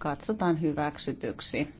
katsotaan hyväksytyksi.